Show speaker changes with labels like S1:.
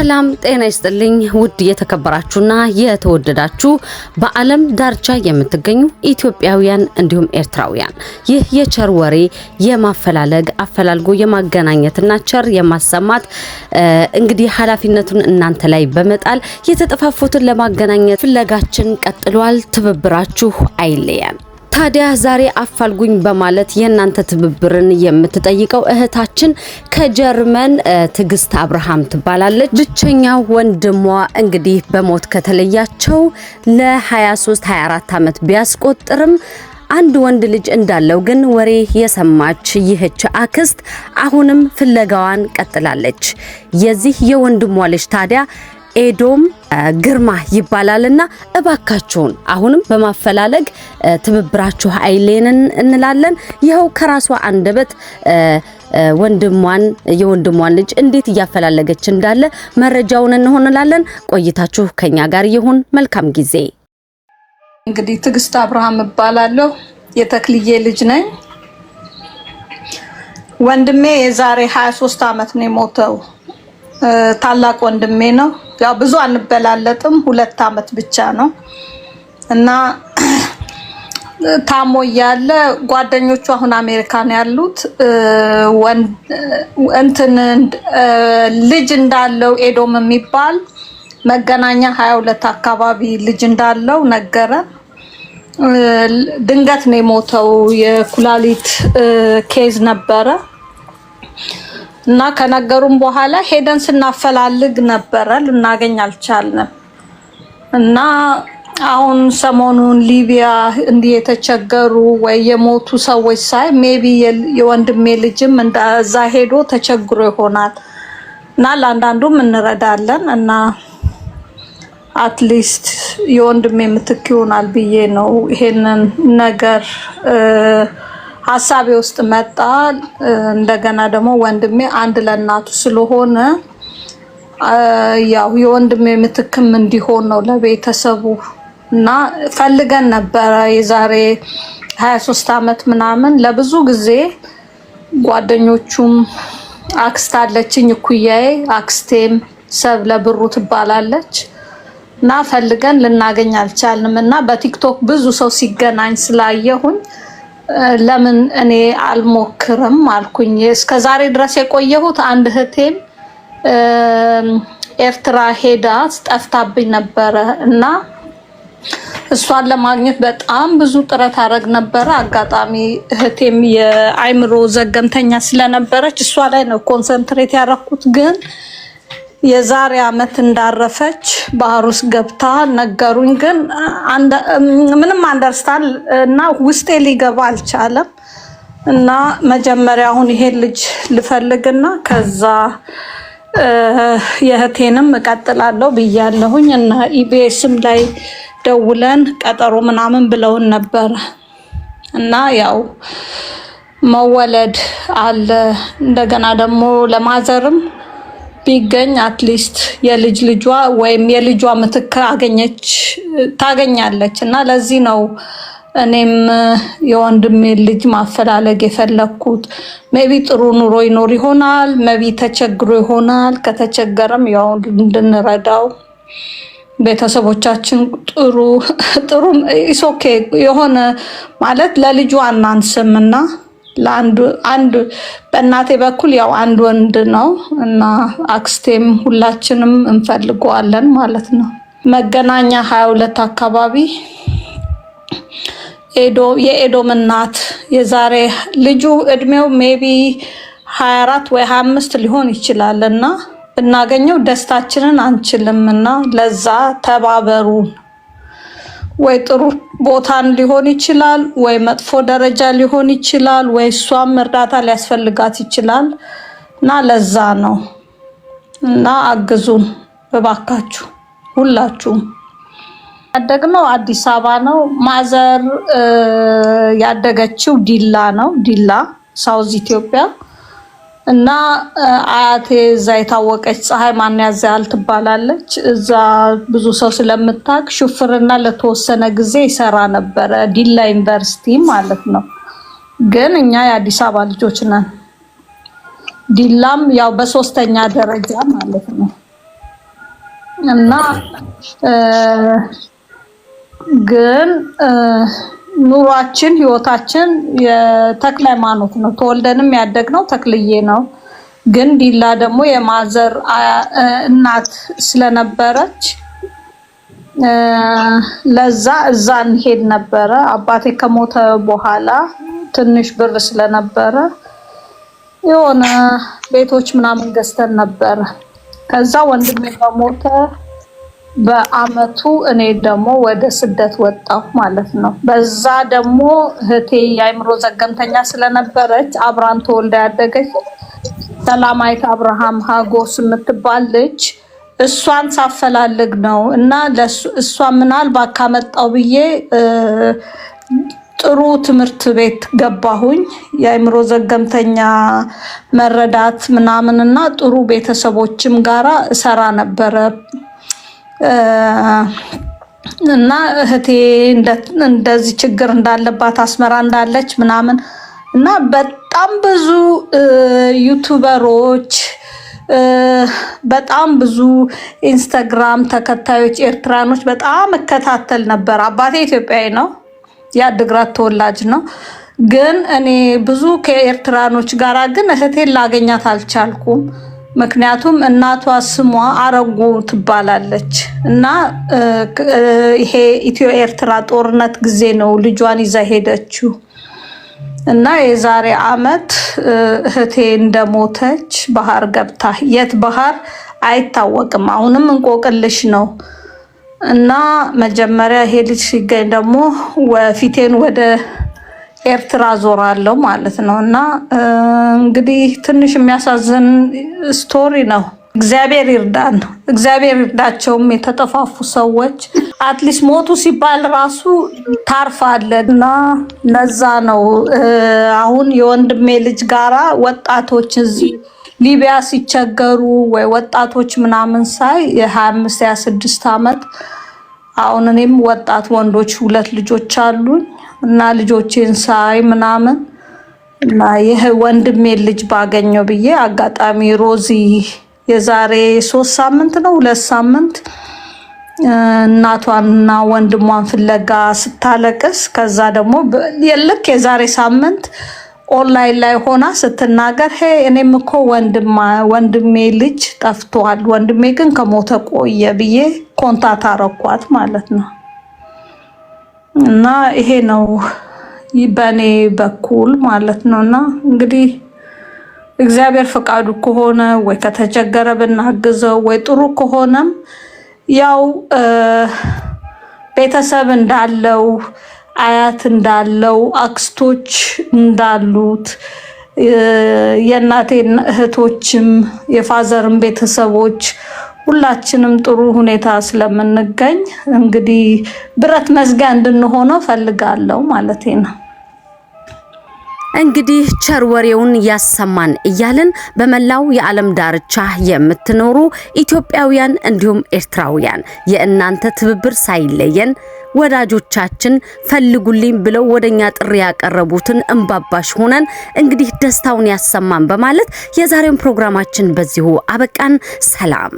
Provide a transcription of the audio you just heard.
S1: ሰላም ጤና ይስጥልኝ። ውድ የተከበራችሁና የተወደዳችሁ በዓለም ዳርቻ የምትገኙ ኢትዮጵያውያን እንዲሁም ኤርትራውያን ይህ የቸር ወሬ የማፈላለግ አፈላልጎ የማገናኘትና ቸር የማሰማት እንግዲህ ኃላፊነቱን እናንተ ላይ በመጣል የተጠፋፉትን ለማገናኘት ፍለጋችን ቀጥሏል። ትብብራችሁ አይለያል። ታዲያ ዛሬ አፋልጉኝ በማለት የእናንተ ትብብርን የምትጠይቀው እህታችን ከጀርመን ትግስት አብርሃም ትባላለች። ብቸኛው ወንድሟ እንግዲህ በሞት ከተለያቸው ለ23 24 ዓመት ቢያስቆጥርም አንድ ወንድ ልጅ እንዳለው ግን ወሬ የሰማች ይህች አክስት አሁንም ፍለጋዋን ቀጥላለች። የዚህ የወንድሟ ልጅ ታዲያ ኤዶም ግርማ ይባላልና እባካችሁን አሁንም በማፈላለግ ትብብራችሁ አይሌንን እንላለን። ይኸው ከራሷ አንደበት ወንድሟን የወንድሟን ልጅ እንዴት እያፈላለገች እንዳለ መረጃውን እንሆንላለን። ቆይታችሁ ከኛ ጋር ይሁን። መልካም ጊዜ።
S2: እንግዲህ ትዕግስት አብርሃም እባላለሁ። የተክልዬ ልጅ ነኝ። ወንድሜ የዛሬ 23 ዓመት ነው የሞተው። ታላቅ ወንድሜ ነው። ያው ብዙ አንበላለጥም፣ ሁለት አመት ብቻ ነው እና ታሞ እያለ ጓደኞቹ አሁን አሜሪካን ያሉት እንትን ልጅ እንዳለው ኤዶም የሚባል መገናኛ ሀያ ሁለት አካባቢ ልጅ እንዳለው ነገረ። ድንገት ነው የሞተው። የኩላሊት ኬዝ ነበረ። እና ከነገሩም በኋላ ሄደን ስናፈላልግ ነበረ ልናገኝ አልቻልንም። እና አሁን ሰሞኑን ሊቢያ እንዲህ የተቸገሩ ወይ የሞቱ ሰዎች ሳይ ሜቢ የወንድሜ ልጅም እንደዛ ሄዶ ተቸግሮ ይሆናል እና ለአንዳንዱም እንረዳለን እና አትሊስት የወንድሜ ምትክ ይሆናል ብዬ ነው ይሄንን ነገር ሀሳቤ ውስጥ መጣ። እንደገና ደግሞ ወንድሜ አንድ ለእናቱ ስለሆነ ያው የወንድሜ ምትክም እንዲሆን ነው ለቤተሰቡ እና ፈልገን ነበረ። የዛሬ 23 ዓመት ምናምን ለብዙ ጊዜ ጓደኞቹም አክስት አለችኝ እኩያዬ፣ አክስቴም ሰብ ለብሩ ትባላለች እና ፈልገን ልናገኝ አልቻልንም እና በቲክቶክ ብዙ ሰው ሲገናኝ ስላየሁኝ ለምን እኔ አልሞክርም አልኩኝ። እስከ ዛሬ ድረስ የቆየሁት አንድ እህቴም ኤርትራ ሄዳ ጠፍታብኝ ነበረ እና እሷን ለማግኘት በጣም ብዙ ጥረት አደረግ ነበረ። አጋጣሚ እህቴም የአይምሮ ዘገምተኛ ስለነበረች እሷ ላይ ነው ኮንሰንትሬት ያደረኩት ግን የዛሬ አመት እንዳረፈች ባህር ውስጥ ገብታ ነገሩኝ። ግን ምንም አንደርስታል እና ውስጤ ሊገባ አልቻለም። እና መጀመሪያ አሁን ይሄን ልጅ ልፈልግና ከዛ የእህቴንም እቀጥላለሁ ብያለሁኝ እና ኢቢኤስም ላይ ደውለን ቀጠሮ ምናምን ብለውን ነበረ እና ያው መወለድ አለ እንደገና ደግሞ ለማዘርም ቢገኝ አትሊስት የልጅ ልጇ ወይም የልጇ ምትክ አገኘች ታገኛለች። እና ለዚህ ነው እኔም የወንድሜ ልጅ ማፈላለግ የፈለግኩት። ሜቢ ጥሩ ኑሮ ይኖር ይሆናል፣ ሜቢ ተቸግሮ ይሆናል። ከተቸገረም ያው እንድንረዳው ቤተሰቦቻችን ጥሩ ጥሩ ኢሶኬ የሆነ ማለት ለልጇ አናንስም እና ለአንድ በእናቴ በኩል ያው አንድ ወንድ ነው እና አክስቴም ሁላችንም እንፈልገዋለን ማለት ነው። መገናኛ ሀያ ሁለት አካባቢ የኤዶም እናት የዛሬ ልጁ እድሜው ሜቢ ሀያ አራት ወይ ሀያ አምስት ሊሆን ይችላል እና ብናገኘው ደስታችንን አንችልም እና ለዛ ተባበሩን። ወይ ጥሩ ቦታን ሊሆን ይችላል፣ ወይ መጥፎ ደረጃ ሊሆን ይችላል፣ ወይ እሷም እርዳታ ሊያስፈልጋት ይችላል እና ለዛ ነው እና አግዙን እባካችሁ ሁላችሁም። ያደግነው አዲስ አበባ ነው። ማዘር ያደገችው ዲላ ነው፣ ዲላ ሳውዝ ኢትዮጵያ እና አያቴ እዛ የታወቀች ፀሐይ ማን ያዘያል ትባላለች። እዛ ብዙ ሰው ስለምታቅ ሹፍርና ለተወሰነ ጊዜ ይሰራ ነበረ፣ ዲላ ዩኒቨርሲቲ ማለት ነው። ግን እኛ የአዲስ አበባ ልጆች ነን። ዲላም ያው በሶስተኛ ደረጃ ማለት ነው እና ግን ኑሯችን ህይወታችን የተክለ ሃይማኖት ነው። ተወልደንም ያደግነው ተክልዬ ነው። ግን ዲላ ደግሞ የማዘር እናት ስለነበረች ለዛ እዛ እንሄድ ነበረ። አባቴ ከሞተ በኋላ ትንሽ ብር ስለነበረ የሆነ ቤቶች ምናምን ገዝተን ነበረ። ከዛ ወንድሜ በሞተ በአመቱ እኔ ደግሞ ወደ ስደት ወጣሁ ማለት ነው። በዛ ደግሞ እህቴ የአይምሮ ዘገምተኛ ስለነበረች አብራን ተወልዳ ያደገች ሰላማዊት አብርሃም ሀጎስ የምትባል ልጅ እሷን ሳፈላልግ ነው እና እሷ ምናልባት ካመጣው ብዬ ጥሩ ትምህርት ቤት ገባሁኝ። የአይምሮ ዘገምተኛ መረዳት ምናምን እና ጥሩ ቤተሰቦችም ጋራ እሰራ ነበረ እና እህቴ እንደዚህ ችግር እንዳለባት አስመራ እንዳለች ምናምን እና በጣም ብዙ ዩቱበሮች በጣም ብዙ ኢንስታግራም ተከታዮች ኤርትራኖች በጣም እከታተል ነበር። አባቴ ኢትዮጵያዊ ነው፣ የአድግራት ተወላጅ ነው። ግን እኔ ብዙ ከኤርትራኖች ጋራ ግን እህቴን ላገኛት አልቻልኩም። ምክንያቱም እናቷ ስሟ አረጉ ትባላለች እና ይሄ ኢትዮ ኤርትራ ጦርነት ጊዜ ነው ልጇን ይዛ ሄደችው እና የዛሬ አመት እህቴ እንደሞተች ባህር ገብታ የት ባህር አይታወቅም። አሁንም እንቆቅልሽ ነው እና መጀመሪያ ይሄ ልጅ ሲገኝ ደግሞ ፊቴን ወደ ኤርትራ ዞራለሁ ማለት ነው። እና እንግዲህ ትንሽ የሚያሳዝን ስቶሪ ነው። እግዚአብሔር ይርዳን፣ እግዚአብሔር ይርዳቸውም የተጠፋፉ ሰዎች አትሊስት ሞቱ ሲባል ራሱ ታርፋለ እና ነዛ ነው አሁን የወንድሜ ልጅ ጋራ ወጣቶች እዚህ ሊቢያ ሲቸገሩ ወይ ወጣቶች ምናምን ሳይ የ አምስት ሀያ ዓመት አሁን እኔም ወጣት ወንዶች ሁለት ልጆች አሉኝ እና ልጆቼን ሳይ ምናምን እና ይህ ወንድሜ ልጅ ባገኘው ብዬ አጋጣሚ ሮዚ የዛሬ ሶስት ሳምንት ነው ሁለት ሳምንት እናቷንና ወንድሟን ፍለጋ ስታለቅስ ከዛ ደግሞ ልክ የዛሬ ሳምንት ኦንላይን ላይ ሆና ስትናገር ሄ እኔም እኮ ወንድሜ ልጅ ጠፍቷል፣ ወንድሜ ግን ከሞተ ቆየ ብዬ ኮንታት አረኳት ማለት ነው። እና ይሄ ነው በእኔ በኩል ማለት ነው። እና እንግዲህ እግዚአብሔር ፈቃዱ ከሆነ ወይ ከተቸገረ ብናግዘው ወይ ጥሩ ከሆነም ያው ቤተሰብ እንዳለው አያት እንዳለው አክስቶች እንዳሉት የእናቴን እህቶችም የፋዘርን ቤተሰቦች ሁላችንም ጥሩ ሁኔታ ስለምንገኝ እንግዲህ ብረት መዝጊያ እንድንሆነው ፈልጋለሁ ማለት ነው።
S1: እንግዲህ ቸር ወሬውን ያሰማን እያልን በመላው የዓለም ዳርቻ የምትኖሩ ኢትዮጵያውያን እንዲሁም ኤርትራውያን የእናንተ ትብብር ሳይለየን ወዳጆቻችን ፈልጉልኝ ብለው ወደኛ ጥሪ ያቀረቡትን እንባባሽ ሆነን እንግዲህ ደስታውን ያሰማን በማለት የዛሬውን ፕሮግራማችን በዚሁ አበቃን። ሰላም